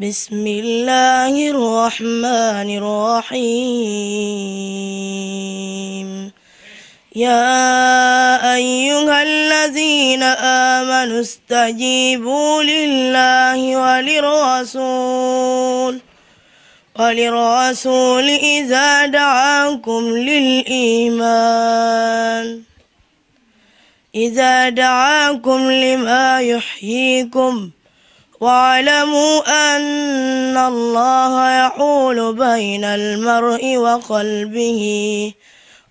بسم الله الرحمن الرحيم يا أيها الذين آمنوا استجيبوا لله وللرسول وللرسول إذا دعاكم للإيمان إذا دعاكم لما يحييكم واعلموا أن الله يحول بين المرء وقلبه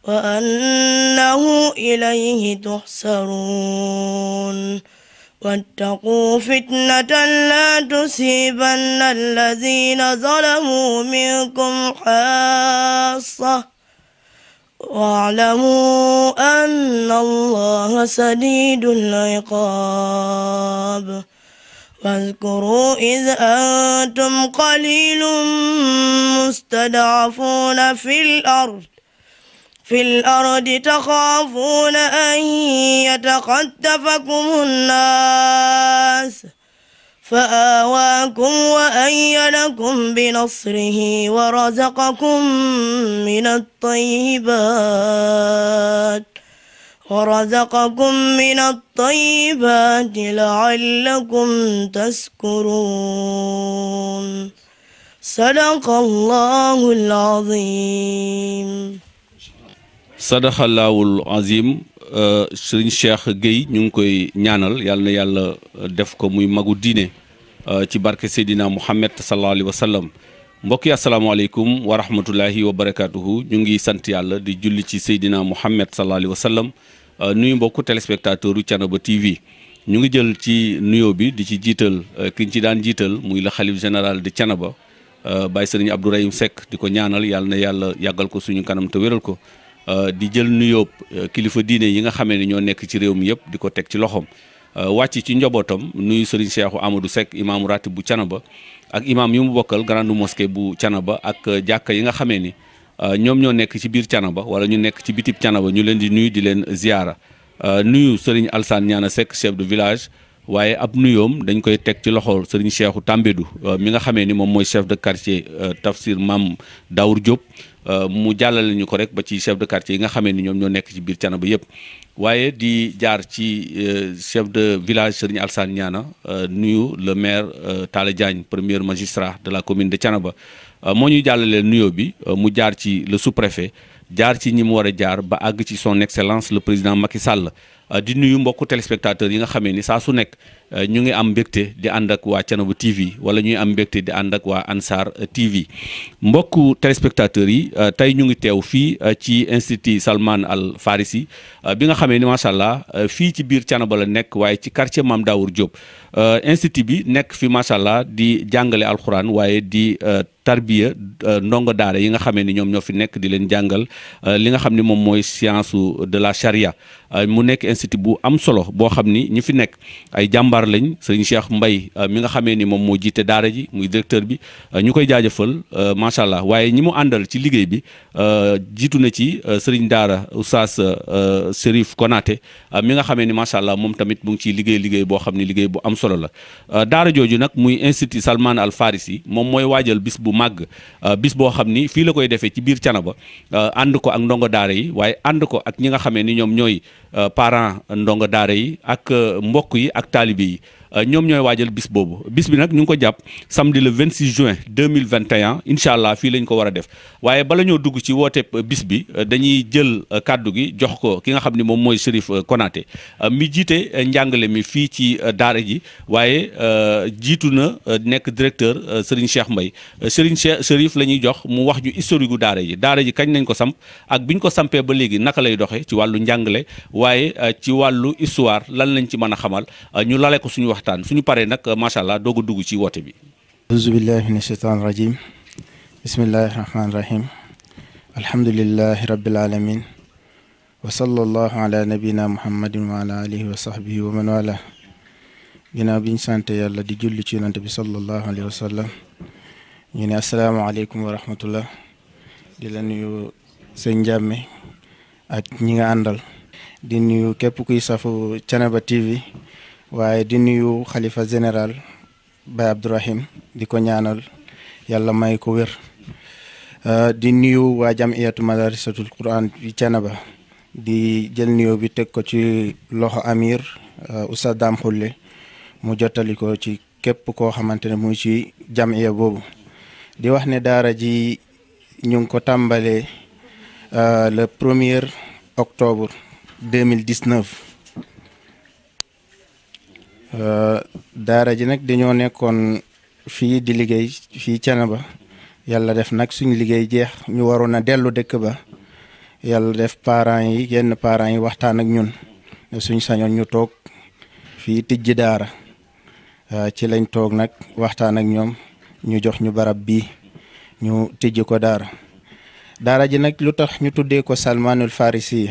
وأنه إليه تحسرون واتقوا فتنة لا تصيبن الذين ظلموا منكم حاصة واعلموا أن الله سديد العقاب واذكروا إذ أنتم قليل مستضعفون في الأرض في الأرض تخافون أن يتخطفكم الناس فآواكم وأيدكم بنصره ورزقكم من الطيبات ورزقكم من الطيبات لعلكم تشكرون صدق الله العظيم صدق الله العظيم Serigne Cheikh Gueye ñu ngi koy ñaanal yàlla na yàlla def ko muy magu diine euh, ci barke Seydina Mouhamed sallallahu alayhi wa sallam mbokk yi asalaamaaleykum wa rahmatullahi wa barakaatuhu ñu ngi sant yàlla di julli ci Seydina Mouhamed sallallahu alayhi wa sallam Euh, nuyu mbokku téléspectateur u Thiénaba TV ñu ngi jël ci nuyoo bi di ci jiital euh, ki ci daan jiital muy la xalif général de Thiénaba euh, Baye Serigne Abdourahim sekk di ko ñaanal yàlla na yàlla yàggal ko suñu kanam te wéral ko di jël nuyoo kilifa diine yi nga xamee ne ñoo nekk ci réew mi yëpp di ko teg ci loxoom wàcc ci njobootam nuyu Serigne Cheikhou amadu sekk imaamu ratib bu canaba ak imaam yi mu bokkal grande moske bu Thiénaba ak jàkka yi nga xamee ni Euh, ñoom ñoo nekk ci biir Canaba wala ñu nekk ci bitib Canaba ñu leen di nuyu di leen ziyaara euh, nuyu Serigne Alsaan Ñaana Seck chef de village waaye ab nuyoom dañ koy teg ci loxo Serigne Cheikhou Tambédou euh, mi nga xamee ni moom mooy chef de quartier Tafsir Maam Daour Diop mu jàllale ñu ko rek ba ci chef de quartier yi nga xamee ni ñoom ñoo nekk ci biir Canaba yëpp waaye di jaar ci chef de village Serigne Alsaan Ñaana nuyu le maire Talla Diagne premier magistrat de la commune de Canaba Euh, moo ñuy jàllaleel nuyoo bi euh, mu jaar ci la sous-préfet jaar ci ñi mu war a jaar ba àgg ci son excellence le président Macky Sall euh, di nuyu mbokku téléspectateurs yi nga xamee ni saa su nekk Euh, ñu ngi am mbégte di ànd ak waa Thiénaba TV wala ñuy am mbégte di ànd ak waa Ansar euh, TV mbokku téléspectateurs yi euh, tey ñu ngi teew fii ci institut Salman Al Farisi bi nga xamee ni macha allah fii ci biir Thiénaba la nekk waaye ci quartier Mame Dawour Diop institut bi nekk fi macha allah di jàngale alxuraan waaye di. tarbiya ndongo daara yi nga xamee ni ñoom ñoo fi nekk di leen jàngal li nga xam ni moom mooy science de la charia mu nekk institut bu am solo boo xam ni ñi fi nekk jàmbaar lañ sëriñ Cheikh Mbay euh, mi nga xamee ni moom moo jiite daara ji muy directeur bi euh, ñu koy jaajëfal euh, macha allah waaye ñi mu àndal ci liggéey bi jiitu na ci sëriñ daara oustaz Serif Konaté mi nga xamee ni macha allah moom tamit mu ngi ciy liggéey liggéey boo xam ne liggéey bu am solo la daara jooju nag muy institut Salman Al Farisi moom mooy waajal bis bu màgg bis boo xam ni fii la koy defee ci biir Canaba ànd ko ak ndongo daara yi waaye ànd ko ak ñi nga xamee ni ñoom ñooy pays Euh, ñoom ñooy waajal bis boobu bis bi nag ñu ngi ko jàpp samedi le 26 juin 2021 incha allah fii lañ ko war a def waaye bala ñoo dugg ci woote euh, bis bi euh, dañuy jël kàddu gi jox ko ki nga xam ni moom mooy Chérif Konaté mi jiite njàngale mi fii ci daara ji waaye jiitu na nekk directeur Serigne Cheikh mbay Serigne Cheikh Chérif la ñuy jox mu wax ñu historique gu daara ji daara ji kañ nañ ko samp ak bi ñu ko sampee ba léegi naka lay doxee ci wàllu njàngale waaye ci wàllu histoire lan lañ ci mën a xamal ñu suñu wax waxtaan suñu nag macha allah doog a dugg ci woote bi. auzu billahi min asheytaan rajim bismillahi rahmaani rahim alhamdulilahi rabbil alamin wa sallallahu ala nabina muhammadin wa ala alihi wa sahbihi wa man wala ginnaaw sant yàlla di julli ci yonante bi sallallahu alayhi wa sallam ñu ne asalaamaaleykum wa rahmatullah di la nuyu sëñ Njàmme ak ñi nga àndal di nuyu képp kuy safu Thiénaba TV waaye di nuyu xalifa général Baye Abdourahim di ko ñaanal yàlla may ko wér euh, di nuyu waa jamiyatu madarisatul quran yi Thiénaba di jël nuyoo bi teg ko ci loxo amir euh, Oustaz Dame mu jottali ko ci képp koo xamante ne muy ci jamiya boobu di wax ne daara ji ñu ngi ko tàmbalee euh, le premier octobre 2019 Euh, daara ji nag dañoo nekkoon fii di liggéey fii Thiénaba yàlla def nag suñu liggéey jeex ñu waroon a dellu dëkk ba yàlla def parent yi yenn parent yi waxtaan ak ñun suñ sañoon ñu toog fii tijji daara euh, ci lañ toog nag waxtaan ak ñoom ñu jox ñu barab bii ñu tijji ko daara daara ji nag lu tax ñu tuddee ko Salmanul Farisi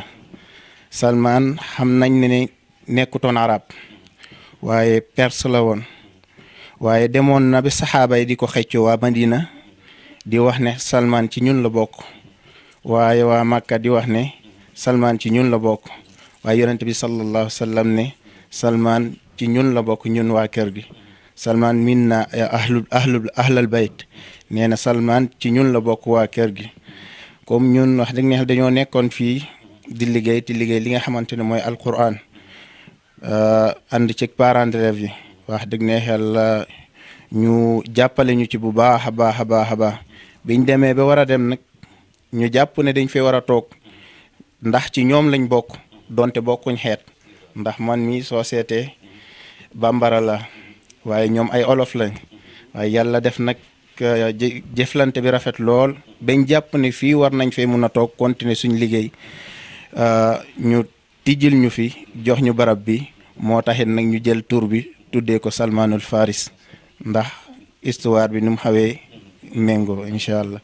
Salman xam nañ ne nekkutoon arab waaye perse la woon waaye demoon na bi saxaaba yi di ko xëccoo waa Madina di wax ne Salman ci ñun la bokk waaye waa Makka di wax ne Salman ci ñun la bokk waaye yonent bi sallallahu sallam ne Salman ci ñun la bokk ñun waa kër gi Salman min na ahlu ahlu ahlal bayt nee na Salman ci ñun la bokk waa kër gi kom ñun wax dëgg neex dañoo nekkoon fii di liggéey di liggéey li nga xamante ne mooy alquran Euh, ànd ci parents d'élèves wax dëgg ne xel ñu jàppale ñu ci bu baax a baax a baax a baax biñ demee ba war a dem nag ñu jàpp ne dañ fee war a toog ndax ci ñoom lañ bokk donte bokkuñ xeet ndax man mi société bambara la waaye ñoom ay olof lañ waaye yàlla def nag euh, jëflante bi rafet lool bañ jàpp ne fii war nañ fee mun a toog continuer suñ liggéey euh, tijjil ñu fi jox ñu barab bi moo taxit nag ñu jël tur bi tuddee ko salmaanul faris ndax histoire bi ni mu xawee méngoo incha allah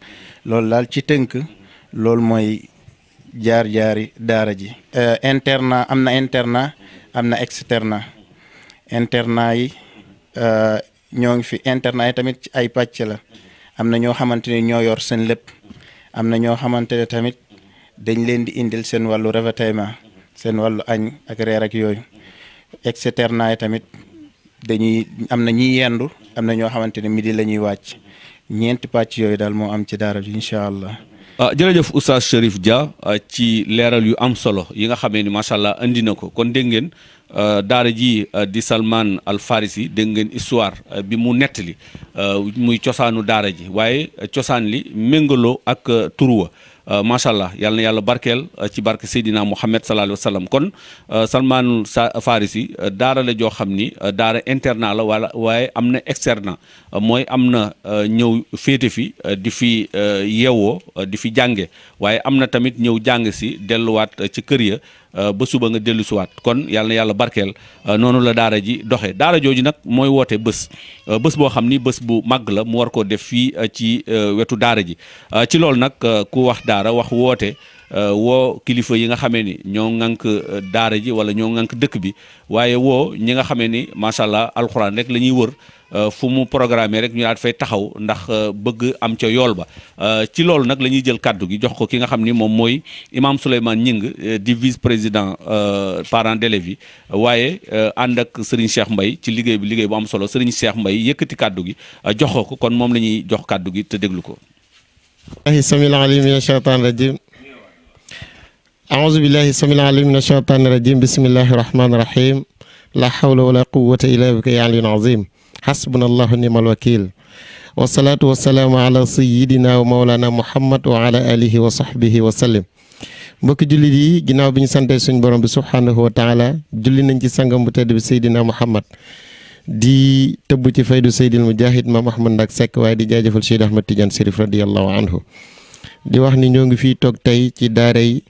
loolu laal ci tënk loolu mooy jaar jaari daara ji euh, internat am na internat am na externat internat yi euh, ñoo ngi fi internat yi tamit ci ay pàcc la am na ñoo xamante ne ñoo yor seen lépp am na ñoo xamante ne tamit dañ leen di indil seen wàllu ravitaillement seen wàllu añ ak reer ak yooyu externa yi tamit dañuy am na ñiy yendu am na ñoo xamante ne midi di lañuy wàcc ñeenti pàcc yooyu daal moo am ci daara bi incha allah. Ah, jërëjëf oustaz Cherif Dia ah, ci leeral yu am solo yi nga xamee ni macha allah indi na ko kon dégg ngeen ah, daara ji di salmaan al Farisi dégg ngeen histoire bi mu nett li muy cosaanu daara ji waaye cosaan li méngaloo ak turuwa. Euh, macha allah yal na yàlla barkeel euh, ci barke Seydina Mouhamed sallallahu alayhi wa sallam kon euh, Salmaanul Farisi daara la joo xam ni daara internat la wala waaye am na externat mooy am na ñëw féete fi di fi yeewoo di fi jànge waaye am na tamit ñëw jàng si delluwaat ci kër ya. Euh, ba suba nga dellu siwaat kon yàlla na yàlla barkeel euh, noonu la daara ji doxe daara jooju nag mooy woote bës euh, bës boo xam ni bés bu màgg la mu war koo def fii ci wetu daara ji ci loolu nag ku wax daara wax woote woo kilifa yi nga xamee ni ñoo ŋànk daara ji wala ñoo ŋànk dëkk bi waaye woo ñi nga xamee ni macha allah alxuraan rek la ñuy wër fu mu programme rek ñu daal fay taxaw ndax bëgg am ca yool ba ci loolu nag la ñuy jël kàddu gi jox ko ki nga xam ni moom mooy imam Souleymane Ñing di vice président parents d'élèves yi waaye ànd ak Serigne Cheikh Mbaye ci liggéey bi liggéey bu am solo Serigne Cheikh Mbaye yëkkati kàddu gi jox ko kon moom la ñuy jox kàddu gi te déglu ko. ahousubillahi samilalim min asheytani irajim bisimillahi irahmani irahim la hawla wala quwata illa bika yaalin azim hasbuna allahu nimal wakil wasalaatu wasalaamu ala sayidina wa maolana muhammad wa ala alihi wa sahbihi wa sallim mbokki jullit yi ginnaaw bi ñu sante suñ borom bi subhaanahu wa taala julli nañ ci sangam bu tedd bi seydina muhammad di tëbb ci faydu seydil mujahid maam ahmad ndak sekk waaye di jaajëfal cheikh ahmad tidiane sérif radiallahu anhu di wax ni ñoo ngi fii toog tey ci daaray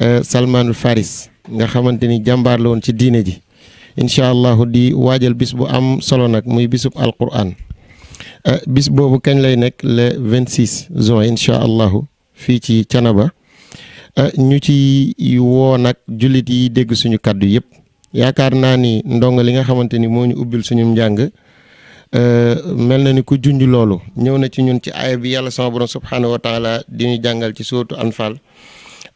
Euh, Salmanul Faris nga xamante ni jàmbaar woon ci diine ji incha allahu di waajal bis bu am solo nag muy bisub alquran euh, bis boobu kañ lay nekk le 26 juin incha allahu fii ci Canaba euh, ñu ci woo nag jullit yi dégg suñu kàddu yëpp yaakaar naa ni ndongo li nga xamante ni moo ñu ubbil suñu njàng. mel na ni ku junj loolu ñëw na ci ñun ci aaya bi yàlla sama borom subhaanahu wa taala di ñu jàngal ci sóotu anfal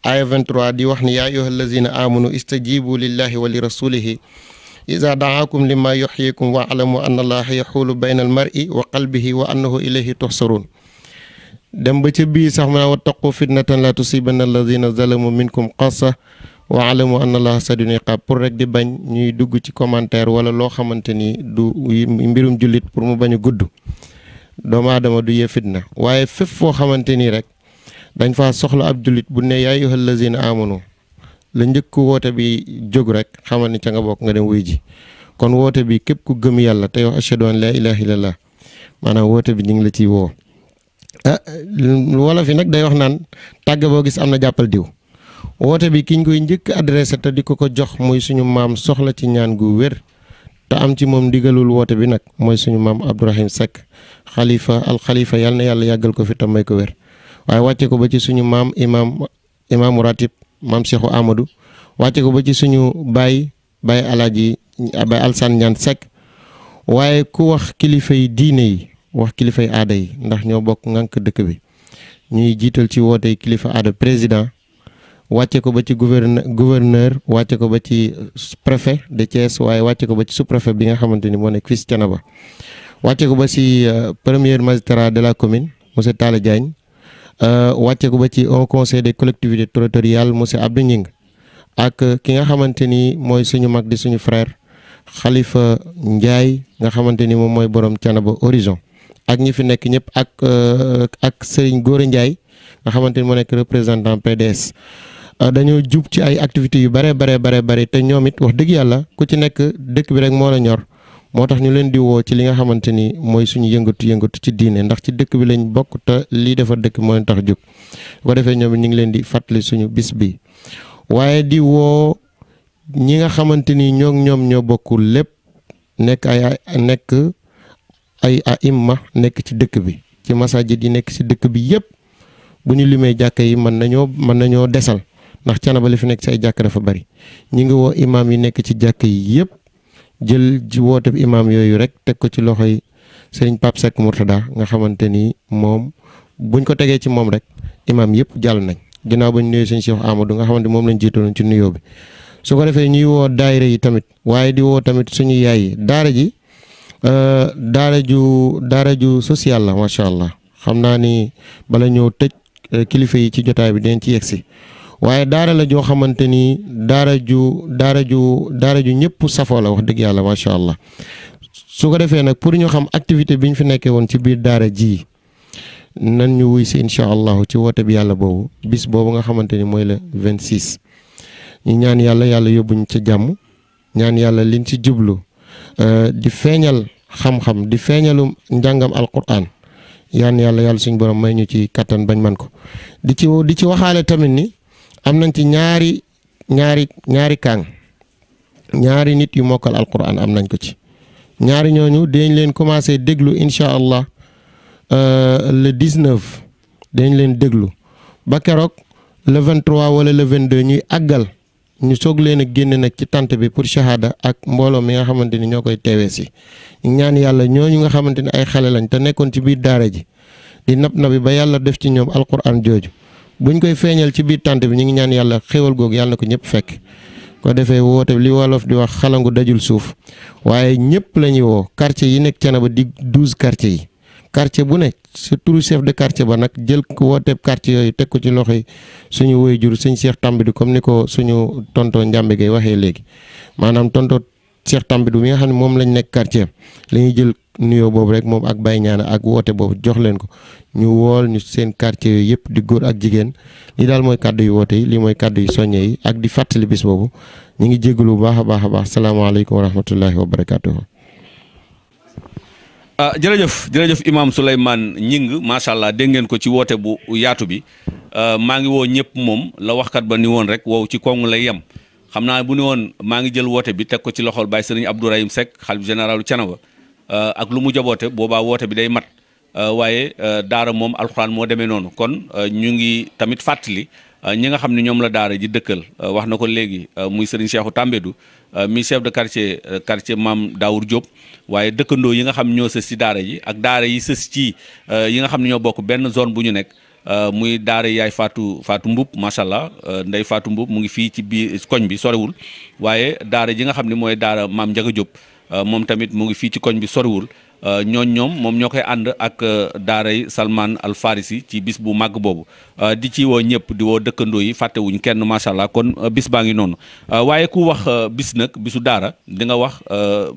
aya 23 di wax ni yaa ayyuha allazina amanu istajibu lillahi wa li rasulihi ida daakum lima yuxyikum wa alamu anna allaha yaxuulu bayna al mar'i wa qalbihi wa annahu ilayhi tuxsaruun dem ba ca bii sax ma wattaqu fitnatan la tusibanna allazina zalamu minkum xassa waa alamu anna allaha sadidul iqaab pour rek di bañ ñuy dugg ci commentaire wala loo xamante ni du mbirum jullit pour mu bañ a gudd doomu aadama du yee fitna waaye fépp foo xamante rek dañ fa soxla ab jullit bu ne yaa ayyuhal lazina amanu la njëkk woote bi jóg rek xamal ni ca nga bokk nga dem wuy ji kon woote bi képp ku gëm yàlla tey wax ashhadu an laa ilaaha illallah maanaam woote bi ñu ngi la ciy woo ah wolof yi nag day wax naan tàgg boo gis am na jàppal diw woote bi kiñ koy njëkk adressé te di ko ko jox muy suñu maam soxla ci ñaan gu wér te am ci moom ndigalul woote bi nag mooy suñu maam Abdourahim Seck xalifa alxalifa xalifa yàlla na yàlla yàggal ko fi may ko wér waaye wàcce ko ba ci suñu maam imaam imaamu ratib maam Cheikhou Amadou wàcce ko ba ci suñu baay baay alaaji baay alsan ñaan Seck waaye ku wax kilifa yi diine yi wax kilifa aada yi ndax ñoo bokk ngànk dëkk bi ñuy jiital ci wootey kilifa aada président wàcce ko ba ci gouverneur gouverneur wàcce ko ba ci préfet de Thiès waaye wàcce ko ba ci sous-préfet bi nga xamante ni moo nekk fii si Thiénaba wàcce ko ba si euh, premier magistrat de la commune monsieur Talla Diagne Euh, wàcce ko ba ci au conseil des collectivités territoriales monsieur Abdou Nying ak ki nga xamante ni mooy suñu mag di suñu frère xalifa Ndiaye nga xamante ni moom mooy borom Thiénaba Horizon ak ñi fi nekk ñëpp ak euh, ak Serigne Gora Ndiaye nga xamante ni moo nekk représentant PDS. Euh, dañoo jub ci ay activités yu bare bare bare bare te ñoomit wax dëgg yàlla ku ci nekk dëkk bi rek moo la ñor. moo tax ñu leen di woo ci li nga xamante ni mooy suñu yëngatu yëngatu ci diine ndax ci dëkk bi lañ bokk te lii defar dëkk bi moo leen tax jóg bu ko defee ñoom ñu ngi leen di fàttali suñu bis bi waaye di woo ñi nga xamante ni ñoo ñoom ñoo bokkul lépp nekk ay nekk nekk ci dëkk bi ci masajid yi nekk ci dëkk bi yépp bu ñu limee jàkk yi mën nañoo mën nañoo desal ndax Thiénaba li fi nekk ci ay jàkka dafa bari ñu ngi woo imaam yi nekk ci jàkka yi yépp jël ji woote bi imaam yooyu rek teg ko ci loxo yi sëriñ Pape Seck Mourtada nga xamante ni moom buñ ko tegee ci moom rek imaam yëpp jàll nañ ginnaaw bañ nuyu sëñ Cheikh Amadou nga xamante moom lañ jiitaloon ci nuyoo bi. su ko defee ñuy woo daayira yi tamit waaye di woo tamit suñu yaay yi daara ji euh, daara ju daara ju social la macha allah xam naa ni bala ñëw tëj euh, kilifa yi ci jotaay bi dinañ ci yegg si waaye daarala joo xamante ni daara ju daara ju daara ju ñëpp safoo la wax dëgg yàlla macha allah su ko defee nag pour ñu xam activité bi ñu fi nekkee woon ci biir daara ji nan ñu wuy si incha allahu ci woote bi yàlla boobu bis boobu nga xamante ni mooy la vingt 26. ñu ñaan yàlla yàlla yóbbuñ ca jàmm ñaan yàlla liñ ci jublu euh, di feeñal xam-xam di feeñalu njàngam alquran yaan yàlla yàlla suñ borom may ñu ci kattan bañ man ko di ci waxaale tamit am nañ ci ñaari ñaari ñaari kàng ñaari nit yu mokkal alquran am nañ ko ci ñaari ñooñu dañ leen commencé déglu incha allah euh, le 19 dañ leen déglu ba keroog le 23 wala le 22 ñuy àggal ñu soog leen génn nag ci tant bi pour shahada ak mbooloo mi nga xamante ni ñoo koy teewee si ñaan yàlla ñoo ñooñu nga xamante ni ay xale lañ te nekkoon ci biir daara ji di nab nabi ba yàlla def ci ñoom alquran jooju. buñ koy feeñal ci biir tànt bi ñu ngi ñaan yàlla xéwal googu yàlla na ko ñëpp fekk ko defee woote li wolof di wax xalangu dajul suuf waaye ñëpp la ñuy woo quartier yi nekk ba di douze quartiers yi quartier bu nekk sa turu chef de quartier ba nag jël wooteeb quartier yooyu teg ko ci loxo yi suñu woy jur suñ Cheikh Tambidou comme ni ko suñu tonto Njambe Gueye waxee léegi maanaam tonto Cheikh Tambidou bi nga xam ne moom lañ nekk quartier la jël nuyoo boobu rek moom ak Baye Ñaana ak woote boobu jox leen ko ñu wool ñu seen quartier yëpp di góor ak jigéen li daal mooy kàddu yu woote lii mooy kàddu yu soññe ak di fàttali bis boobu ñu ngi jégalu bu a baax a baax salaamaaleykum wa rahmatullahi wa ah jërëjëf jërëjëf Imaam Souleymane Ñing macha allah dégg ngeen ko ci woote bu yaatu bi ah, maa ngi woo ñëpp moom la waxkat ba ni woon rek wow ci koŋ lay yem xam naa bu ni woon maa ngi jël woote bi teg ko ci loxol Baye Serigne Abdourahim Seck xalif généralu Thiénaba ak lu mu jaboote booba woote bi day mat euh, waaye euh, daara moom alxuraan moo demee noonu kon euh, ñu ngi tamit fàttali ñi nga xam ne ñoom la daara ji dëkkal wax na ko léegi muy sëriñ Cheikhou Tambédou mi chef de quartier quartier maam Daour Diop waaye dëkkandoo yi nga xam ñoo sës ci daara ji ak daara yi sës ci yi nga xam ne ñoo bokk benn zone bu ñu nekk muy daara yaay Fatou Fatou Mboup macha allah ndey faatu mbub mu ngi fii ci biir koñ bi sorewul waaye daara ji nga xam ne mooy daara maam Ndiaga Diop Euh, moom tamit mu ngi fii ci koñ bi soriwul euh, ñooñ ñoom moom ñoo koy ànd ak euh, daaray salmaan al Farisi ci bis bu màgg boobu di ci woo ñëpp di woo dëkkandoo yi fàttewuñ kenn macha allah kon bis baa ngi noonu waaye ku wax bis nag bisu daara di nga wax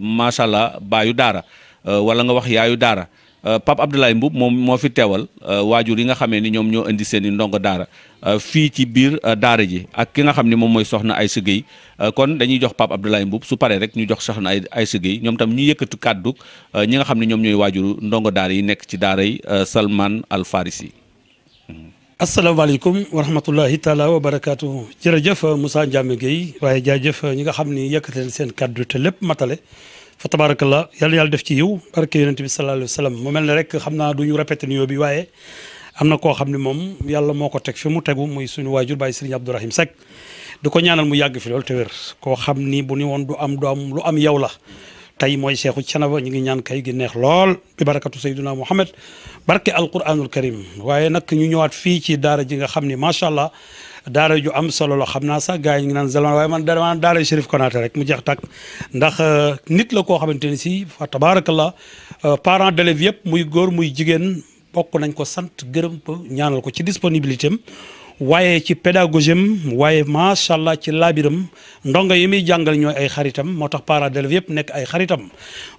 macha allah baayu daara wala nga wax yaayu daara Euh, Pape Abdoulaye Mboub moom moo fi teewal euh, waajur yi nga xamee ni ñoom ñoo indi seeni ndongo daara euh, fii ci biir daara ji ak ki nga xam ne moom mooy soxna Aïssa Gueye kon dañuy jox Pape Abdoulaye Mboub su paree rek ñu jox soxna Aïssa Gueye ñoom tam ñu yëkkatu kàddu ñi nga xam ne ñoom ñooy waajuru ndongo daara yi nekk ci daara yi Salman Al Farisi. asalaamaaleykum wa rahmatullahi taala wa barakaatu jërëjëf Moussa Ndiame Gueye waaye jaajëf ñi nga xam ni yëkkate seen kàddu lépp matale. fa tabarakallah yàlla yàlla def ci yiw barke yonent bi sallallahu alayhi wa sallam mu mel ne rek xam naa duñu répété nuyoo bi waaye am na koo xam ne moom yàlla moo ko teg fi mu tegu muy suñu waajur bàyyi Serigne Abdourahim Seck di ko ñaanal mu yàgg fi loolu te wér koo xam ni bu ni woon du am du am lu am yow la tey mooy Seexu Canaba ñu ngi ñaan kay gi neex lool bi barakatu Sayyiduna Muhammad barke alquranul karim waaye nag ñu ñëwaat fii ci daara ji nga xam ni macha allah daara ju am solo la xam naa sax gars yi ñu naan Zalman waaye man damaa daara Chérif Konaté rek mu jeex tàkk ndax euh, nit la koo xamante ni si fa tabaarakallah euh, parent d'élèves yëpp muy góor muy jigéen bokk nañ ko sant gërëm ñaanal ko ci disponibilité am waaye ci pédagogie am waaye macha allah ci laabiram ndongo yi muy jàngal ñooy ay xaritam moo tax parents d'élèves yëpp nekk ay xaritam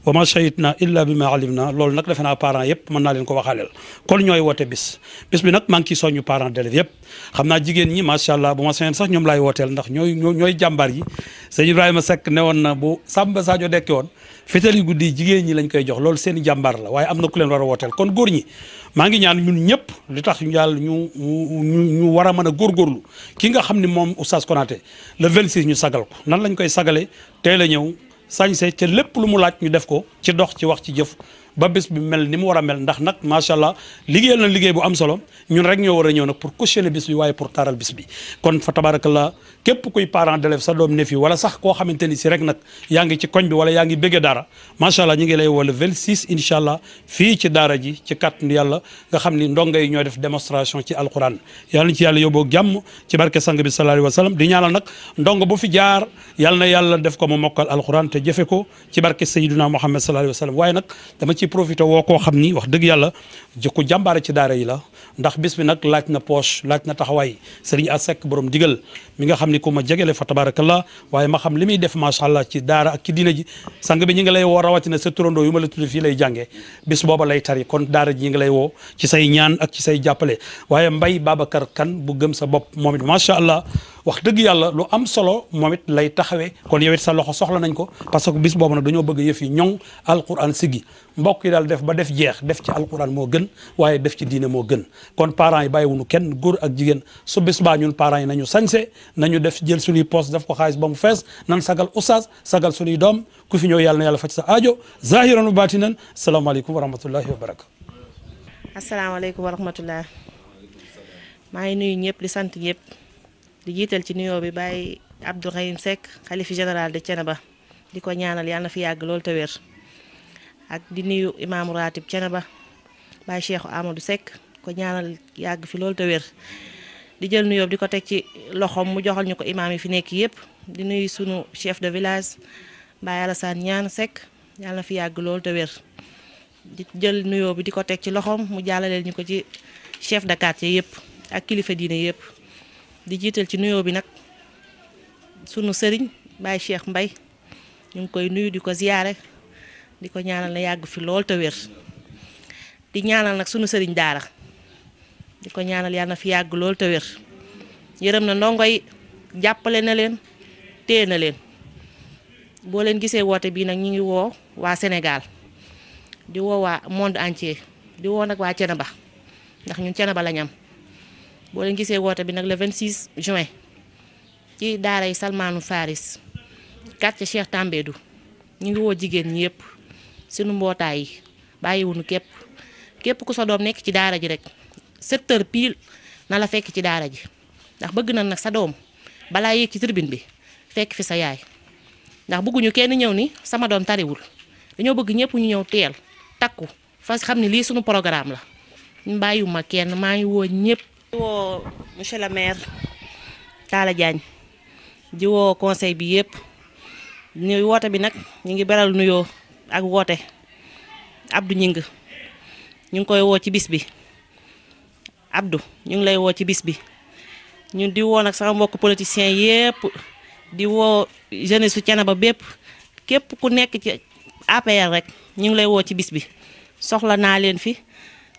wa ma na illa bi ma alimna loolu nag defe naa parents yëpp mën naa leen ko waxaaleel kon ñooy woote bis bis bi nag maa ngi ciy soññu parents d'élèves yëpp xam naa jigéen ñi macha allah bu ma seen sax ñoom laay wooteel ndax ñooy ñooy jàmbaar yi sëñ Ibrahima Seck ne woon na bu Samba Sadio dekke woon fetali guddi jigéen ñi lañ koy jox lool seen i jàmbaar la waaye am na ku leen war a wooteel kon góor ñi maa ngi ñaan ñëpp li war a mën a góorgóorlu ki nga xam ni moom oustaz Konaté le 26 ñu sagal ko nan lañ koy sagalee teel a ñëw sañse ca lépp lu mu laaj ñu def ko ci dox ci wax ci jëf ba bés bi mel ni mu war a mel ndax nag macha allah liggéey na liggéey bu am solo ñun rek ñoo war a ñëw nag pour cautionner bis bi waaye pour taaral bis bi kon fa tabarakallah képp kuy parent d'élève sa doom ne fi wala sax koo xamante ni si rek nag yaa ngi ci koñ bi wala yaa ngi bëgge daara macha allah ñu ngi lay woo le 26 incha allah fii ci daara ji ci kàttanu yàlla nga xam ni ndongo yi ñoo def démonstration ci alquran yàlla na ci yàlla yóbboo jàmm ci barke sang bi sallallahu alayhi wa sallam di ñaanal nag ndongo bu fi jaar yàlla na yàlla def ko mu mokkal alquran te jëfe ko ci barke sayyiduna muhammad sallallahu alayhi wa sallam waaye nag dama ci ci profité woo koo xam ni wax dëgg yàlla ku jàmbaare ci daara yi la ndax bis bi nag laaj na poche laaj na taxawaay sëriñ a sekk borom digal mi nga xam ni ku ma jegele fa tabarakallah waaye ma xam li muy def macha allah ci daara ak ci diina ji sang bi ñi ngi lay woo rawatina sa turandoo yu ma la tudd fi lay jàngee bis booba lay tari kon daara ji ñi ngi lay woo ci say ñaan ak ci say jàppale waaye mbay Babacar kan bu gëm sa bopp moom it allah wax dëgg yàlla lu am solo moom it lay taxawee kon yow it sa loxo soxla nañ ko parce que bis boobu nag dañoo bëgg yëf yi ñoŋ alquran sigi mbokk yi daal def ba def jeex def ci alquran moo gën waaye def ci diine moo gën kon parent yi bàyyiwunu kenn góor ak jigéen su bis baa ñun parent yi nañu sañse nañu def jël suñuy poste def ko xaalis ba mu fees nan sagal oustaz sagal suñuy doom ku fi ñëw yàlla na yàlla faj sa aajo zahiran nu baatinan salaamaaleykum wa rahmatullahi wa barakatu asalaamaaleykum wa rahmatullah maa ngi sant ñëpp di jiital ci nuyoo bi Baye Abdou Rahim Seck xalifi général de Thiénaba di ko ñaanal yàlla na fi yàgg lool te wér ak di nuyu imaamu ratib Thiénaba Baye Cheikh amadu Seck ko ñaanal yàgg fi lool te wér di jël nuyoo di ko teg ci loxoom mu joxal ñu ko imaam yi fi nekk yëpp di nuyu sunu chef de village Baye ñaan Seck yàlla fi yàgg lool te wér di nuyoo bi di ko teg ci loxoom mu jàllaleel ñu ko ci chef de quartier yëpp ak kilifa diine yëpp. di jiital ci nuyoo bi nag sunu sëriñ Baye Cheikh mbay ñu ngi koy nuyu di ko ziyaare di ko ñaanal na yàgg fi lool te wér di ñaanal nag sunu sëriñ daara di ko ñaanal yàlla na fi yàgg lool te wér yërëm na ndongo yi jàppale na leen téye na leen boo leen gisee woote bii nag ñu ngi woo waa Sénégal di woo waa monde entier di woo nag waa ba ndax ñu cene lañ am boo leen gisee woote bi nag le 26 juin ci daara yi Salmaanu Faris quartier Cheikh Tambédou ñu ngi woo jigéen ñi yëpp sunu mbootaay yi bàyyiwunu képp képp ku sa doom nekk ci daara ji rek 7 heures na la fekk ci daara ji ndax bëgg na nag sa doom balaa yéeg ci tribune bi fekk fi sa yaay ndax bëgguñu kenn ñëw ni sama doom tariwul dañoo bëgg ñëpp ñu ñëw teel takku fa xam ni lii sunu programme la bàyyiwuma kenn maa ngi woo ñëpp. di woo monsieur le maire Talla Diagne di woo conseil bi yëpp ñuy woote bi nag ñu ngi beral nuyoo ak woote Abdou Ñing ñu ngi koy woo ci bis bi abdu ñu ngi lay woo ci bis bi ñun di woo nag sama mbokk politiciens yëpp di woo jeunesse su ba bépp képp ku nekk ci APR rek ñu ngi lay woo ci bis bi soxla naa leen fi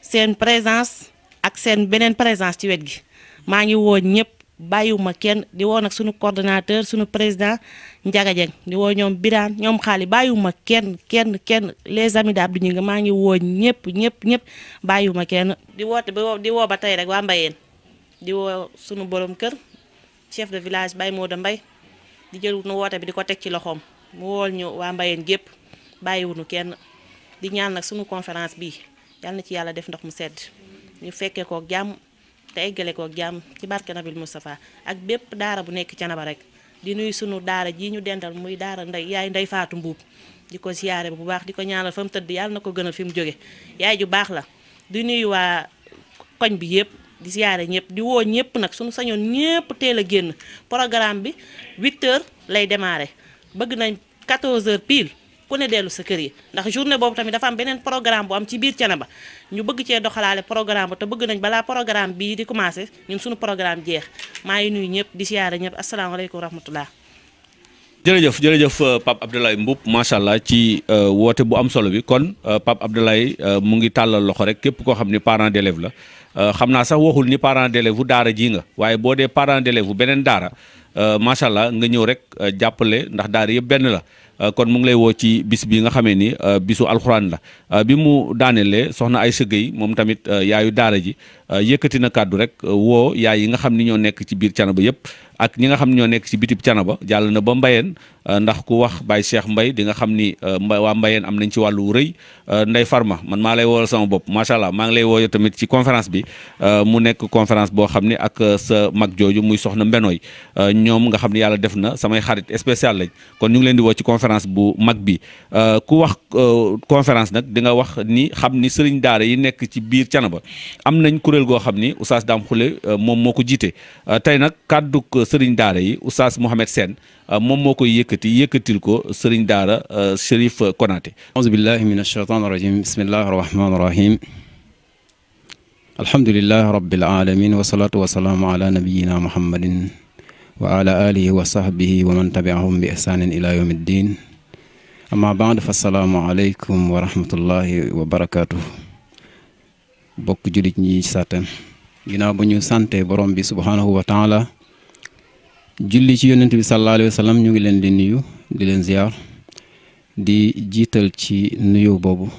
seen présence ak seen beneen présence ci wet gi maa ngi woo ñëpp bàyyiwuma kenn di woo nag suñu coordonnateur suñu président Ndiaga Dieng di woo ñoom Birane ñoom xaali bàyyiwuma kenn kenn kenn les amis d'Abdou Gningue maa ngi wooñ ñëpp ñëpp ñëpp bàyyiwuma kenn di woote di woo ba tey rek waa Mbayeen di woo suñu borom kër chef de village Baye Modou Mbaye di jël nu woote bi di ko teg ci loxoom mu wool waa Mbayeen gépp bàyyiwuñu kenn di ñaan nag suñu conférence bi yàlla na ci yàlla def ndox mu sedd ñu fekkee kook jàmm te eggale kook jàmm ci barke na Nabil Moustapha ak bépp daara bu nekk Canaba rek di nuyu sunu daara ji ñu dendal muy daara ndey yaay ndey faatu mbuub di ko siyaare bu baax di ko ñaanal fa tëdd yàlla na ko gënal fi mu jóge yaay ju baax la di nuyu waa koñ bi yëpp di siyaare ñëpp di woo ñëpp nag suñu sañoon ñëpp teel a génn programme bi 8 lay démarrer bëgg nañ 14 heures pile ku ne dellu sa kër yi ndax journée boobu tamit dafa am beneen programme bu am ci biir Thiénaba ñu bëgg cee doxalaale programme ba te bëgg nañ balaa programme bii di commencé ñun suñu programme jeex maa ngi nuyu ñëpp di siyaare ñëpp asalaamaaleykum wa rahmatullah jërëjëf jërëjëf euh, Pape Abdoulaye Mboup macha allah ci euh, woote bu am solo bi kon euh, Pape Abdoulaye mu ngi tàllal loxo rek képp koo xam ni parent la xam naa sax waxul ni parent d'élève bu daara jii nga waaye boo dee parent d'élève bu beneen daara macha allah nga ñëw rek jàppale ndax daara yëpp benn la Euh, kon mu ngi lay woo ci bis bi nga xamee ni euh, bisu alxuraan la euh, bi mu daanelee soxna ay sëgg yi moom tamit yaayu daara ji yëkkati na kàddu rek woo yaay yi nga xam ni ñoo nekk ci biir Thiénaba yëpp ak ñi nga xam ñoo nekk ci bitib Canaba jàll na ba Mbayeen euh, ndax ku wax Baye Cheikh mbay di nga xam ni euh, waa Mbayeen am nañ ci wàllu rëy euh, Ndeye Farma man maa lay wooyal sama bopp macha allah maa ngi lay ci conférence bi mu nekk conférence boo xam ni ak mag jooju muy soxna Mbenooy ñoom nga xam ni yàlla def na samay xarit spécial lañ kon ñu ngi leen di woo ci conférence bu mag bi ku wax conférence nag di nga wax ni xam ni sëriñ daara yi nekk ci biir Canaba am nañ kuréel goo xam ni Oustaz Dame Khoule moom moo ko jiite tey nag kàdduk sëriñ daara yi oustaz Mouhamed Sène euh, moom moo sëriñ daara euh, Chérif Konaté aouzu billahi min ashaytan irajim bismillahi arrahmani irrahim alhamdulilahi rabbil alamin wasalatu wasalaamu ala nabiyina muhammadin wa ala alihi wa sahbihi wa man tabiahum bi ihsanin ila yawmi julli ci yonent bi sallallahu alayhi ñu ngi leen di nuyu di leen ziar di jiital ci nuyu boobu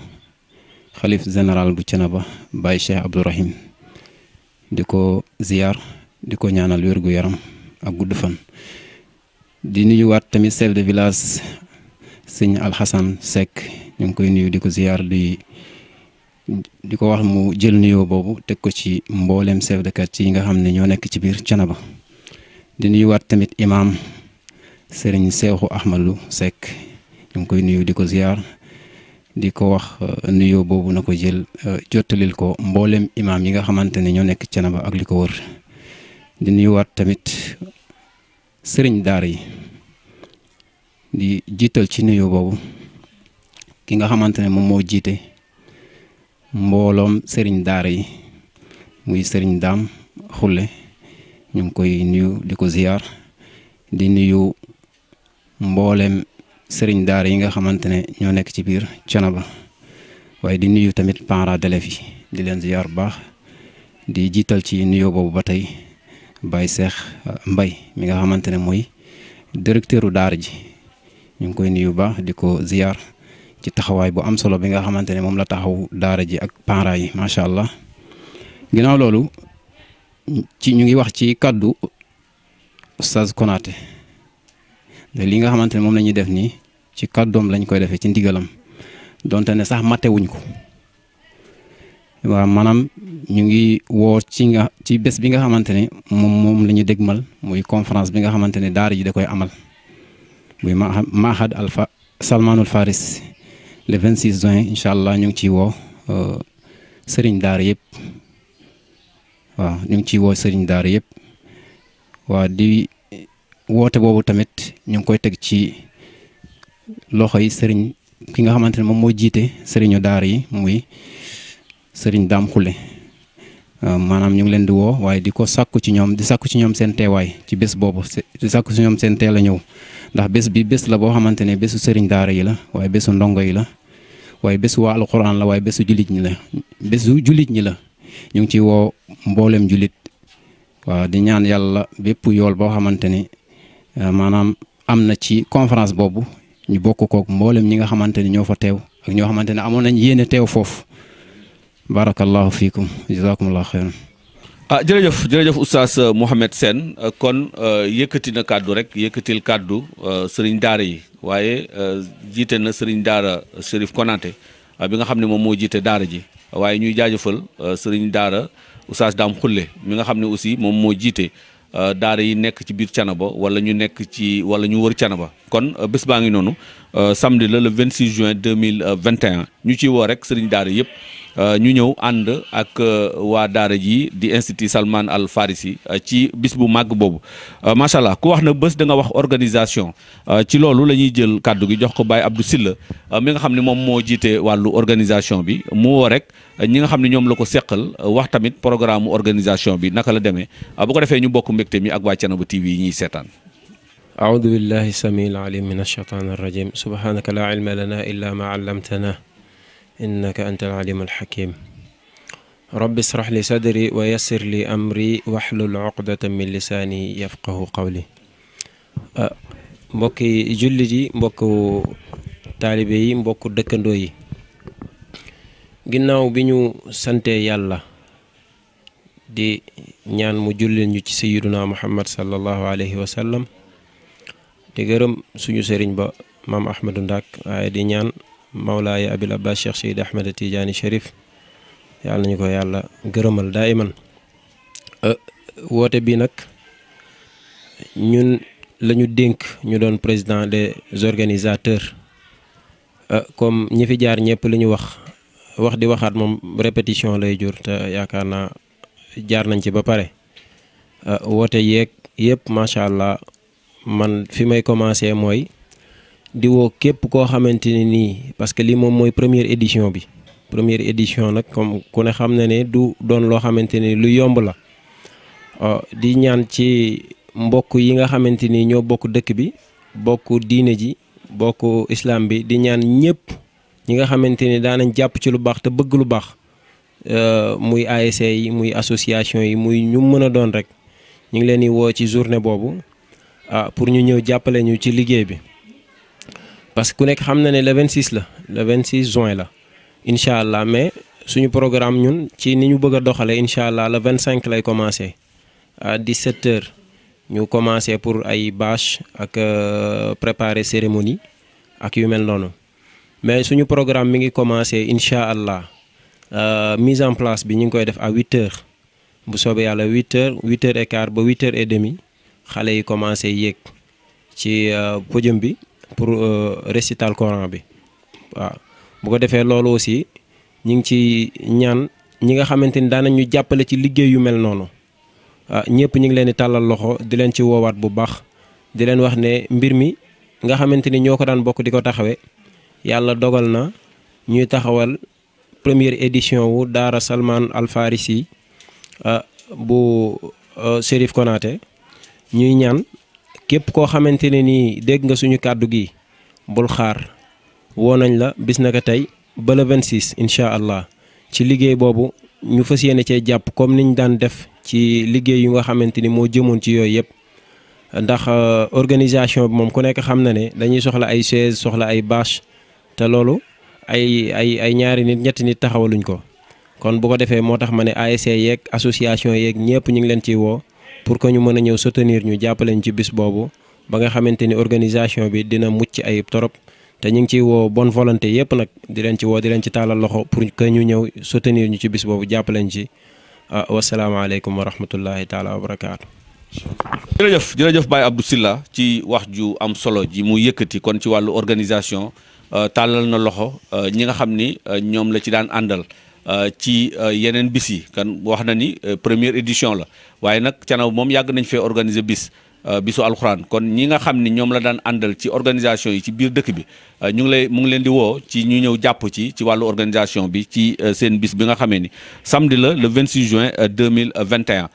xalif général bu Thiénaba Baye Cheikh Abdourahim di ko ziar di ko ñaanal wérgu yaram ak gudd fan di nuyuwaat tamit chef de village sëñ Alxasan Seck ñu ngi koy nuyu di ko ziar di di ko wax mu jël nuyoo boobu teg ko ci mbooleem chef de quartier yi nga xam ne ñoo nekk ci biir Thiénaba di nuyuwaat tamit imaam sëriñ Seexu Ahmadou Seck ñu koy nuyu di ko ziar di ko wax euh, nuyoo boobu na ko jël euh, jottalil ko mboolem imaam yi nga xamante ne ñoo nekk Thiénaba ak li ko wër di nuyuwaat tamit sëriñ daar yi di jiital ci nuyoo boobu ki nga xamante ne moom moo jiite mbooloom sëriñ daara yi muy seriñ daam xulle ñu ngi koy nuyu di ko ziyaar di nuyu mboolem sëriñ daar yi nga xamante ne ñoo nekk ci biir Thiénaba waaye di nuyu tamit parents d'élèves yi di leen ziyaar bu baax di jiital ci nuyoo boobu ba tey bay Cheikh euh, mbay mi nga xamante ne mooy directeuru daara ji ñu ngi koy nuyu baax di ko ziyaar ci taxawaay bu am solo bi nga xamante ne moom la taxaw daara ji ak parents yi macha allah ginnaaw loolu ci ñu ngi wax ci kàddu Oustaz Konaté li nga xamante ne moom la ñuy def nii ci kàddoom lañ koy defee ci ndigalam donte ne sax matewuñ ko waaw maanaam ñu ngi woo ci nga ci bés bi nga xamante ne moom moom la ñu dégmal muy confrance bi nga xamante ne daara ji da koy amal muy Mahad Alfa Salmanul Faris le 26 juin incha allah ñu ngi ciy woo euh, sëriñ daar yëpp. waaw ñu ngi ciy woo sëriñ daara yëpp waaw di woote boobu tamit ñu ngi koy teg ci loxo yi sëriñ ki nga xamante ne moom moo jiite sëriñu daara yi muy sëriñ daam xule maanaam ñu ngi leen di woo waaye di ko sàkku ci ñoom di sàkku ci ñoom seen teewaay ci bés boobu di sàkku ci ñoom seen teel a ñëw ndax bés bi bés la boo xamante ne bésu sëriñ daara yi la waaye bésu ndongo yi la waaye bésu waa alxuraan la waaye bésu jullit ñi la bésu jullit ñi la ñu ngi ciy woo mboolem jullit waaw di ñaan yàlla bépp yool boo xamante ne euh, maanaam am na ci conférence boobu ñu bokk kook mboolem ñi nga xamante ne ñoo fa teew ak ñoo xamante ne amoon nañ yéene teew foofu barakallahu fiikum jazakumullahu xeyran ah jërëjëf jërëjëf oustaz Mouhamed seen kon euh, yëkkati na kàddu rek yëkkatil kàddu euh, sëriñ daara yi waaye jiite na sëriñ daara Chérif Konaté bi nga xam ne moom moo jiite daara ji waaye ñuy jaajëfal euh, sëriñ daara oustaz daam xulle mi nga xam ne aussi moom moo jiite euh, daara yi nekk ci biir canaba wala ñu nekk ci wala ñu wër canaba kon euh, bés baa ngi noonu samedi la le 26 juin 2021 ñu ciy woo rek sëriñ daara yëpp Euh, ñu ñëw ànd ak euh, waa daara ji di institut Salman Al Farisi euh, ci bis bu màgg boobu macha ku wax na bës da nga wax organisation ci loolu la ñuy jël kàddu gi jox ko ab Abdou Silla mi nga xam ne moom moo jiite wàllu organisation bi mu woo rek ñi nga xam ne ñoom la ko seqal wax tamit programme organisation bi naka la demee bu ko defee ñu bokk mbégte mi ak waa Thiénaba TV yi ñuy seetaan. أعوذ بالله السميع العليم من الشيطان الرجيم سبحانك لا علم لنا innaka anta alalim alxakim rabbi israx li sadri wa yassir li amri waxlul uqdatan min lisaani yafqahu qawli ah, mbokki jullit yi mbokku taalibe yi mbokku dëkkandoo yi ginnaaw bi ñu sante yàlla di ñaan mu jullit ñu ci sayyiduna muhammad sallallahu alayhi wa di gërëm suñu sëriñ ba maam ahmadu ndak waaye di ñaan mawlaaya abil abbas cheikh seyd ahmed tijaani sharif yàlla nañu ko yàlla gërëmal daa iman euh, woote bi nag ñun lañu dénk ñu doon président des organisateurs euh, comme ñi fi jaar ñëpp li ñu wax wax di waxaat moom répétition lay jur te yaakaar naa jaar nañ ci ba pare euh, woote yeeg yëpp macha allah man fi may commencer mooy di woo képp koo xamante ne nii parce que lii moom mooy première édition bi première édition nag comme ku ne xam na ne du doon loo xamante ni lu yomb la euh, di ñaan ci mbokk yi nga xamante ni ñoo bokk dëkk bi bokk diine ji bokk islam bi di ñaan ñëpp ñi nga xamante ni daanañ jàpp ci lu baax te bëgg lu baax euh, muy ASC yi muy association yi muy ñu mën a doon rek ñu ngi leen di woo ci journée boobu ah pour ñu ñëw jàppale ñu ci liggéey bi. parce que ku nekk xam na ne le 26 la le 26 juin la incha allah mais suñu programme ñun ci ni ñu bëgg a doxalee incha allah le 25 lay commencé à 17h ñu commencé pour ay bâche ak euh, préparer cérémonie ak yu mel noonu mais suñu programme mi ngi commencé incha allah euh, mise en place bi ñu ngi koy def a 8 bu soobee yàlla 8h 8h ba 8h et demi xale yi commencé yéeg ci euh, podium bi. pour euh, récital Coran bi waaw bu ko defee loolu aussi ñu ngi ci ñaan ñi nga xamante ni daanañ ñu jàppale ci liggéey yu mel noonu ah ñëpp ñu ngi leen di tàllal loxo di leen ci woowaat bu baax di leen wax ne mbir mi nga xamante ni ñoo ko daan bokk di ko taxawee yàlla dogal na ñuy taxawal première édition wu Daara Salman Al Farisi ah, bu euh, Chérif Konaté ñuy ñaan. képp koo xamante ne nii dégg nga suñu kàddu gi bul xaar woo nañ la bis na ko tey ba le 26 incha allah ci liggéey boobu ñu fas ne cee jàpp comme ñu daan def ci liggéey yu nga xamante ni moo jëmoon ci yooyu yëpp. ndax euh, organisation bi moom ku nekk xam na ne dañuy soxla ay chaise soxla ay bâche te loolu ay ay ay ñaari nit ñetti nit taxawaluñ ko kon bu ko defee moo tax ma ne ASC yeeg association yeeg ñëpp ñu ngi leen ciy woo. pour que ñu mën a ñëw soutenir ñu jàppaleñ ci bis boobu ba nga xamante ni organisation bi dina mucc ayib torop te ñu ngi ciy woo bonne volonté yëpp nag di leen ci woo di leen ci tàllal loxo pour que ñu ñëw soutenir ñu ci bis boobu jàppaleñ ci ah wasalaamaaleykum wa rahmatullahi taala wa barakaatu. jërëjëf jërëjëf Baye Abdou Silla ci wax ju am solo ji mu yëkkati kon ci wàllu organisation euh, tàllal na loxo euh, ñi nga xam ni euh, ñoom la ci daan àndal. Euh, ci euh, yeneen bis yi kan wax na ni euh, première édition la waaye nag Thiénaba moom yàgg nañ fee organiser bis Euh, bisu alxuraan kon ñi nga xam ni ñoom la daan àndal ci organisation yi ci biir dëkk bi euh, ñu ngi lay mu ngi leen di woo ci ñu ñëw jàpp ci ci wàllu organisation bi ci euh, seen bis bi nga xamee ni samedi la le 26 juin 2021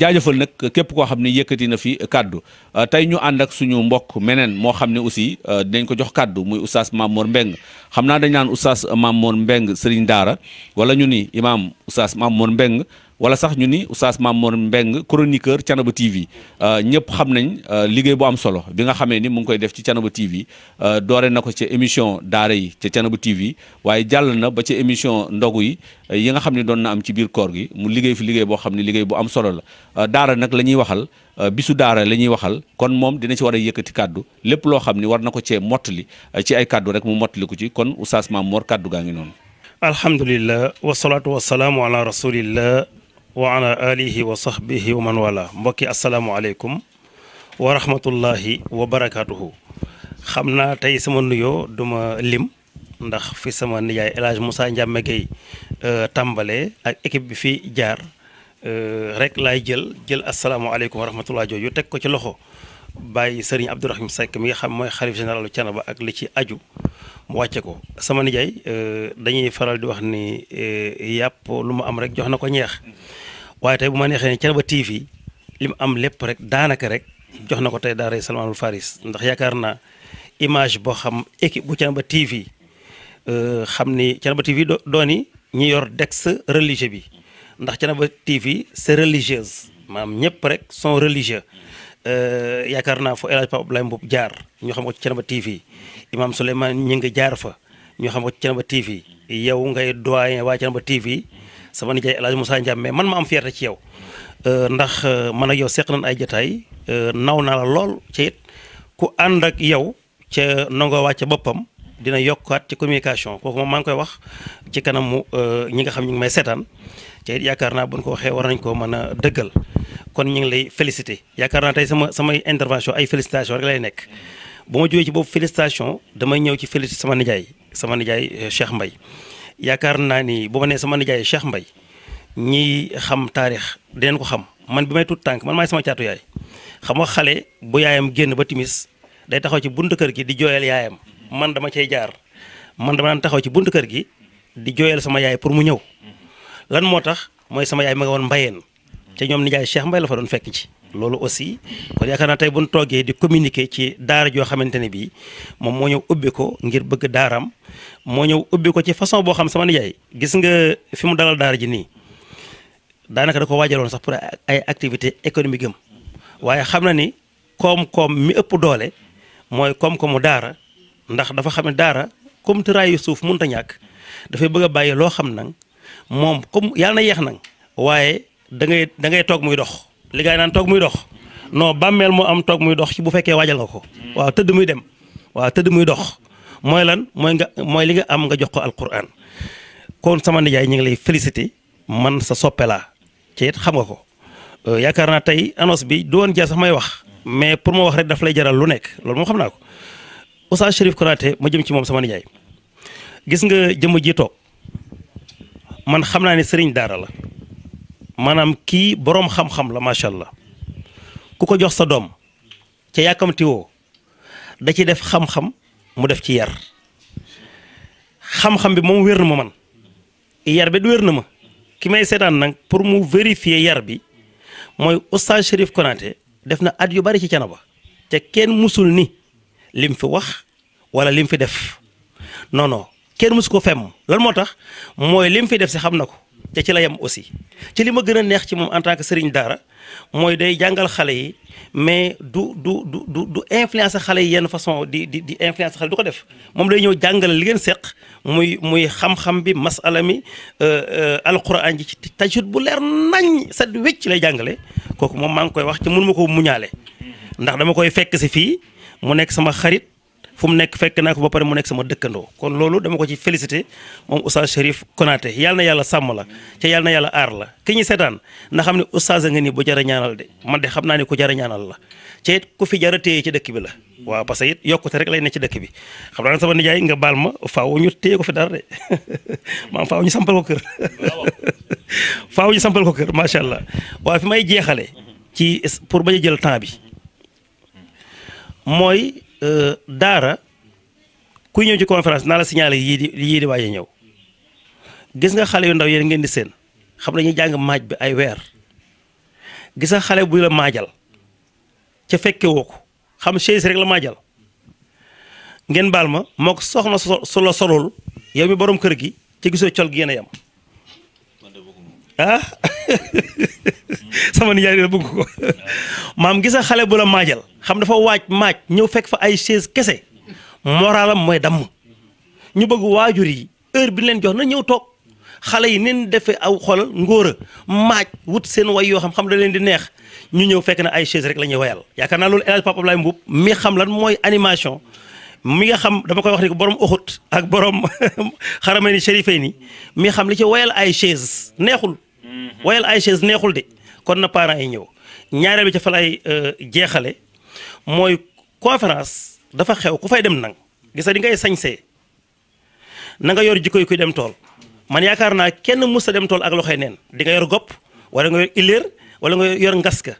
jaajëfal nag képp koo xam ne yëkkati na fi kàddu tey ñu ànd ak suñu mbokk meneen moo xam ne aussi dañ ko jox kàddu muy oustaz Mamour Mbeng xam naa dañ naan oustaz Mamour Mbeng sëriñ daara wala ñu ni imaam oustaz Mamour Mbeng wala sax ñu ni oustaz Mamour Mbeng chroniqueur Thiénaba TV euh, ñëpp xam nañ euh, liggéey bu am solo bi nga xamee ni mu ngi koy def ci Thiénaba TV euh, doore na ko ci émission daara yi ca Thiénaba TV waaye jàll na ba ci émission ndogu yi yi nga xam ne doon na am ci biir koor gi mu liggéey fi liggéey boo xam ni liggéey bu am solo la daara nag la ñuy waxal bisu daara la ñuy waxal kon moom dina ci war a yëkkati kàddu lépp loo xam ne war na ko cee mottali ci ay kàddu rek mu mottali ko ci kon oustaz Mamour kàddu gaa ngi noonu alhamdulilah wa ala alihi wa sahbihi wa man wala mbokki asalaamualeykum wa rahmatullahi wa barakaatuhu xam naa tey sama nuyoo duma lim ndax fi sama nijaay El Hadj Moussa Ndiamé euh, tàmbale ak équipe bi fi jaar euh, rek laay jël jël asalaamualeykum wa rahmatullah jooju teg ko ci loxo bàyyi sëriñ Abdourahim Seck mi nga xam mooy xalif généralu Thiénaba ak li ci aju mu wàcce ko sama nijaay euh, dañuy faral di wax ni euh, yàpp lu mu am rek jox na ko ñeex waaye tey bu ma neexee ne Thiénaba TV li mu am lépp rek daanaka rek jox na ko tey daaray Salmaanul Faris ndax yaakaar naa image boo xam équipe bu Thiénaba TV euh, xam ni Thiénaba TV dooni ñi yor dex religieux bi ndax Thiénaba TV c'est religieuse maam ñëpp rek son religieux Euh, yaakaar naa fo El Hadj Pape Abdoulaye Mboup jaar ñu xam ko ci Thiénaba TV Imam Souleymane ñu ngi jaar fa ñu xam ko ci Thiénaba TV yow ngay doyen waa Thiénaba TV sama nijaay El Hadj Moussa man ma am fierté ci yaw euh, ndax euh, man ak yow seq nañ ay jotaay naw na lool ci it ku ànd ak yow ca nangoo wàcc boppam dina yokkaat ci communication kooku moom maa ngi koy wax ci kanamu ñi nga xam ñu ngi may seetaan te it yaakaar naa buñ ko waxee war nañ koo mën a dëggal. kon ñu ngi lay félicité yaakaar naa tey sama samay intervention ay félicitation rek lay nekk bu ma jógee ci boobu félicitation damay ñëw ci félicité sama nijaay sama nijaay euh, Cheikh mbay yaakaar naa ni bu ma nee sama nijaay Cheikh mbay ñiy xam taarix dinañ ko xam man bi may tuut tànk man maay sama caatu yaay xam nga xale bu yaayam génn ba timis day taxaw ci buntu kër gi di jooyal yaayam man dama cee jaar man dama daan taxaw ci buntu kër gi di jooyal sama yaay pour mu ñëw moo tax mooy sama yaay ma woon mbayeen te ñoom nijaay Cheikh Mbaye la fa doon fekk ci loolu aussi kon yaakaar tey bu nu toogee di communiquer ci daara joo xamante ne bii moom moo ñëw ubbi ko ngir bëgg daaram moo ñëw ubbi ko ci façon boo xam sama nijaay gis nga fi mu dalal daara ji nii daanaka da ko waajaloon sax pour ay activité économique am waaye xam na ni koom-koom mi ëpp doole mooy koom mu daara ndax dafa xam ne daara comme tëraayu suuf mun a ñàkk dafay bëgg a bàyyi loo xam nag moom comme yàlla yeex nag da ngay da ngay toog muy dox li gaay naan toog muy dox no bàmmeel moo am toog muy dox ci bu fekkee waajal nga ko waaw tëdd muy dem waaw tëdd muy dox mooy lan mooy nga mooy li nga am nga jox ko alquran kon sama nijaay ñu ngi lay félicité man sa soppe laa it xam nga ko euh, yaakaar naa tey annonce bi du woon jar may wax mais pour ma wax rek daf lay jaral lu nekk loolu moom xam naa ko Oustaz Chérif Konaté ma jëm ci moom sama nijaay gis nga jëmm ji toog man xam naa ne sëriñ daara la maanaam kii boroom xam-xam la macha allah ku ko jox sa doom ca yàkkamtiwoo da ci def xam-xam mu def ci yar xam-xam bi moom wér na ma man yar bi du wér na ma ki may seetaan nag pour mu vérifier yar bi mooy oustaz Chérif Konaté def na at yu bari ci cana Thiénaba te kenn musul ni lim fi wax wala lim fi def noonoo kenn musu ko femm lan moo tax mooy lim fi def si xam na ko. te ci la yem aussi ci li ma gën a neex ci moom en tant que sëriñ daara mooy day jàngal xale yi mais du du du du du influence xale yi yenn façon di di di influence xale du ko def moom day ñëw jàngale li ngeen seq muy muy xam-xam bi masala mi euh, euh, alquran ji ci tajwid bu leer nañ sa wécc lay jàngale kooku moom maa ngi koy wax ci mënu ma muñaale ndax dama koy fekk si fii mu nekk sama xarit fu mu nekk fekk naa ko ba pare mu nekk sama dëkkandoo kon loolu dama ko ci félicité moom oustaz Chérif Konaté yàlla na yàlla sàmm la ca yàlla na yàlla aar la ki ñu seetaan na xam ne oustaz a nga ni bu jara ñaanal de man de xam naa ne ku jara ñaanal la ca it ku fi jara téye ci dëkk bi la waaw parce que it yokkute rek lay ne ci dëkk bi xam naa sama nijaay nga baal ma faaw ñu téye ko fi dara de maam faaw ñu sampal ko kër faaw ñu ko kër macha allah waaw fi may jeexale ci pour bañ a jël bi mooy Euh, daara kuy ñëw ci conférence naa la signaler yii di yii di waaye ñëw gis nga xale yu ndaw yéen ngeen di seen xam dañuy jàng maaj bi ay weer gisa xale bu la maajal ca fekke ko xam chaise rek la maajal ngeen baal ma moo ko soxna su la solul yow mi boroom kër gi ca gisoo col gi yéen yam Ah? sama nijaay la bëgg ko maam gisa xale bu la maajal xam dafa waaj maaj ñëw fekk fa ay chaise kese moralam mooy damm ñu bëgg waajur yi heure bi leen jox na ñëw toog xale yi neen defee aw xol ngóor a maaj wut seen way yoo xam xam da leen di neex ñu ñëw fekk na ay chaise rek la ñuy wayal yaakaar naa loolu El Hadj Papa mi xam lan mooy animation mi nga xam dama koy wax ni ko borom Uhud ak borom xaramay ni chérifay nii mi xam li ci wayal ay chaise neexul Mm-hmm. wayal ay chaise neexul de kon na parents yi ñëw ñaareel bi ca fa euh, jeexale mooy conférence dafa xew ku fay dem nang gisa di ngay sañsee na nanga yor jikko yi kuy dem tool man yaakaar naa kenn mus a dem tool ak loxoy neen di nga yor gopp wala nga yor ileer wala nga yor ngaska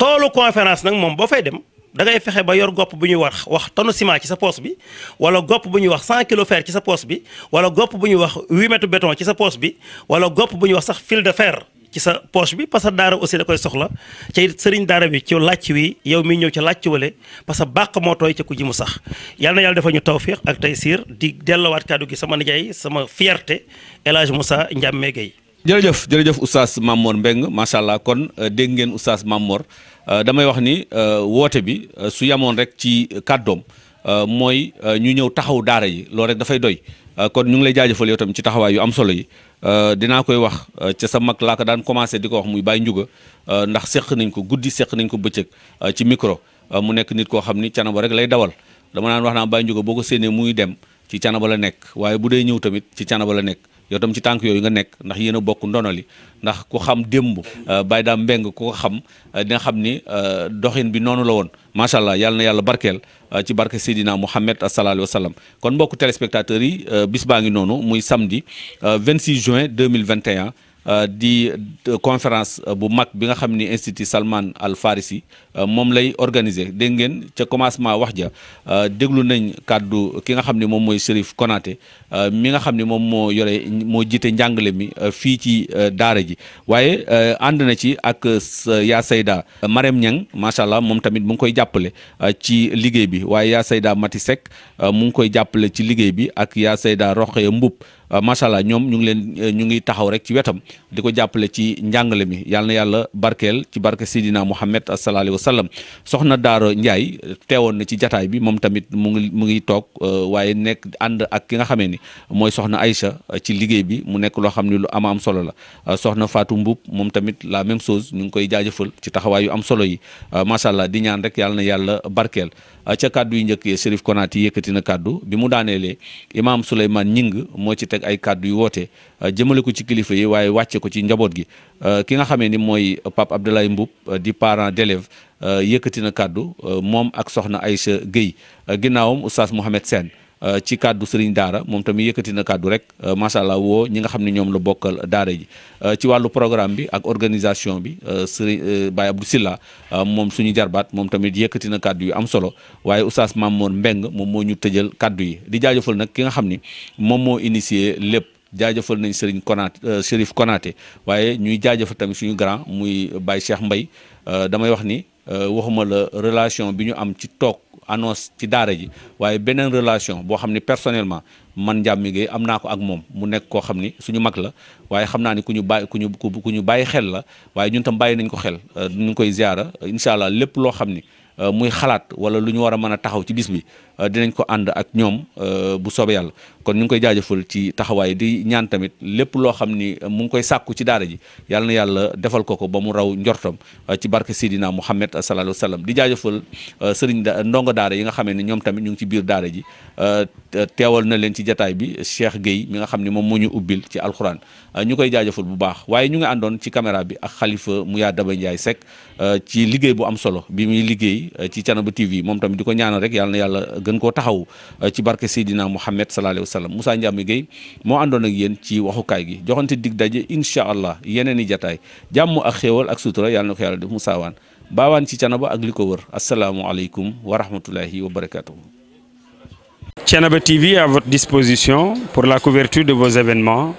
toolu conférence nag moom boo fay dem dangay fexe ba yor gopp bu ñu wax wax tonne ciment ci sa poos bi wala gopp bu ñu wax 100 kilo fer ci sa poos bi wala gopp bu ñu wax 8 mètre béton ci sa poos bi wala gopp bu ñu wax sax file de fer ci sa poche bi parce que daara aussi da koy soxla ca sëriñ daara bi ci làcc wi yow mi ñëw ca làcc wale parce que bàq moo tooy ca ku ji mu sax yal na yàlla dafa ñu tawfiq ak tey siir di dellowaat kàddu gi sama nijaay sama fierté El Hadj Moussa Ndiamé Guèye jërëjëf jërëjëf oustaz Mamor Mbeng macha allah kon euh, dégg ngeen oustaz Mamor Euh, damay wax ni euh, woote bi euh, su yamoon rek ci kàddoom mooy ñu ñëw taxaw daara yi loolu rek dafay doy kon ñu ngi lay jaajëfal yow tam ci taxawaay yu am solo yi dinaa koy wax ca sa mag laa ko daan commencé di ko wax muy Baye Ndiouga ndax seq nañ ko guddi seq nañ ko bëccëg ci micro mu nekk nit koo xam ni canaba rek lay dawal dama daan wax naa Baye Ndiouga boo ko séenee muy dem ci canaba la nekk waaye bu dee ñëw tamit ci canaba la nekk yow tam ci tànk yooyu nga nekk ndax yéen a bokk ndonoli ndax ku xam démb euh, Baye Dame Mbeng ku ko xam euh, dina xam ni euh, doxin bi noonu la woon macha allah yàlla yàlla barkeel ci barke Seydina Mouhamed sallallahu alayhi wa sallam kon mbokk téléspectateurs yi bis baa ngi noonu muy samedi 26 juin 2021 di conférence bu mag bi nga xam ni institut Salman Al Farisi Euh, moom lay organiser dégg ngeen ca commencement wax ja euh, déglu nañ kàddu ki nga xam ne moom mooy Chérif Konaté euh, mi nga xam ne moom moo yore moo jiite njàngale mi fii ci daara ji waaye ànd na ci ak yaa sayda Marème Niang macha allah moom tamit mu ngi koy jàppale ci liggéey bi waaye yaa sayda Mati Seck mu ngi koy jàppale ci liggéey bi ak yaa sayda Roxaya Mbub macha ñoom ñu ngi leen ñu ngi taxaw rek ci wetam di ko jàppale ci njàngale mi yàlla na yàlla barkeel ci barke Sidina Mouhamed sallallahu sallam soxna Daaro Ndiaye eh, teewoon na ci jataay bi moom tamit mu ngi mu ngi toog eh, waaye nekk ànd ak ki nga xame ni mooy soxna Aïcha eh, ci liggéey bi mu nekk loo xam ne lu ama am solo la soxna faatu Mbuub moom tamit la même chose ñu ngi koy jaajëfal ci taxawaay yu am solo yi macha allah di ñaan rek yàlla na yàlla barkeel ca kàddu yu njëkk yi Chérif Konaté yëkkati na kàddu bi mu daaneelee imaam Souleymane Ñing moo ci teg ay kàddu yu woote euh, jëmale ko ci kilifa yi waaye wàcce ko ci njaboot gi euh, ki nga xamee ni mooy Pape Abdoulaye Mboup euh, di parent d'élève yëkkati na kàddu moom ak soxna Aïcha Guèye ginnaawam oustaz Mohamed Sène Euh, ci kàddu sëriñ daara moom tamit yëkkati na kàddu rek euh, macha allah woo ñi nga xam ne ñoom la bokkal daara ji euh, ci wàllu programme bi ak organisation bi sëriñ Baye Abdou Silla moom suñu jarbaat moom tamit yëkkati na kàddu yu am solo waaye oustaz Mamour Mbeng moom moo ñu tëjal kàddu yi di jaajëfal nag ki nga xam ni moom moo initié lépp jaajëfal nañ Serigne konaat Chérif Konaté waaye ñuy jaajëfal tamit suñu grand muy baay Cheikh Mbay damay wax ni Euh, waxuma la relation bi ñu am ci toog annonce ci daara ji waaye beneen relation boo xam ne personnellement man Ndiamé Guèye am naa ko ak moom mu nekk koo xam ni suñu mag la waaye xam naa ni ku ñu bàyyi ku ñu ku bàyyi xel la waaye ñun tam bàyyi nañ ko xel euh, ñu ngi koy ziara incha allah lépp loo xam ni Euh, muy xalaat wala lu ñu war a mën a taxaw ci bis bi euh, dinañ ko ànd ak ñoom euh, bu soobee yàlla kon ñu ngi koy jaajëfal ci taxawaay di ñaan tamit lépp loo xam ni mu ngi koy sàkku ci daara ji yàlla na yàlla defal ko ko ba mu raw njortam ci barke Sidina Muhammad sallallahu alayhi wa sallam di jaajëfal sëriñ da ndongo daara yi nga xamee ne ñoom tamit ñu ngi ci biir daara ji teewal na leen ci jataay bi Cheikh Guèye mi nga xam ne moom moo ñu ubbil ci alxuraan ñu koy jaajëfal bu baax waaye ñu ngi àndoon ci caméra bi ak xalifa Mouya Daba Ndiaye Seck ci liggéey bu am solo bi muy liggéey bi euh, ci Thiénaba TV moom tamit di ko ñaanal rek yàlla na yàlla gën koo taxaw euh, ci barke Seydina Mouhamed sallallahu alayhi wa sallam Moussa moo àndoon ak yéen ci waxukaay gi joxante dig daje incha allah yeneen i jataay jàmm ak xéewal ak sutura yàlla na ko yàlla def mu saawaan baawaan ci Thiénaba ak li ko wër asalaamualeykum wa rahmatullahi wa barakatuh Thiénaba TV à votre disposition pour la couverture de vos événements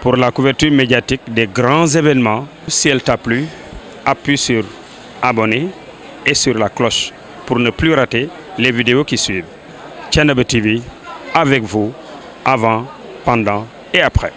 pour la couverture médiatique de grands événements si elle t'a et sur la cloche pour ne plus rater les vidéos qui suivent. Thiénaba TV, avec vous, avant, pendant et après.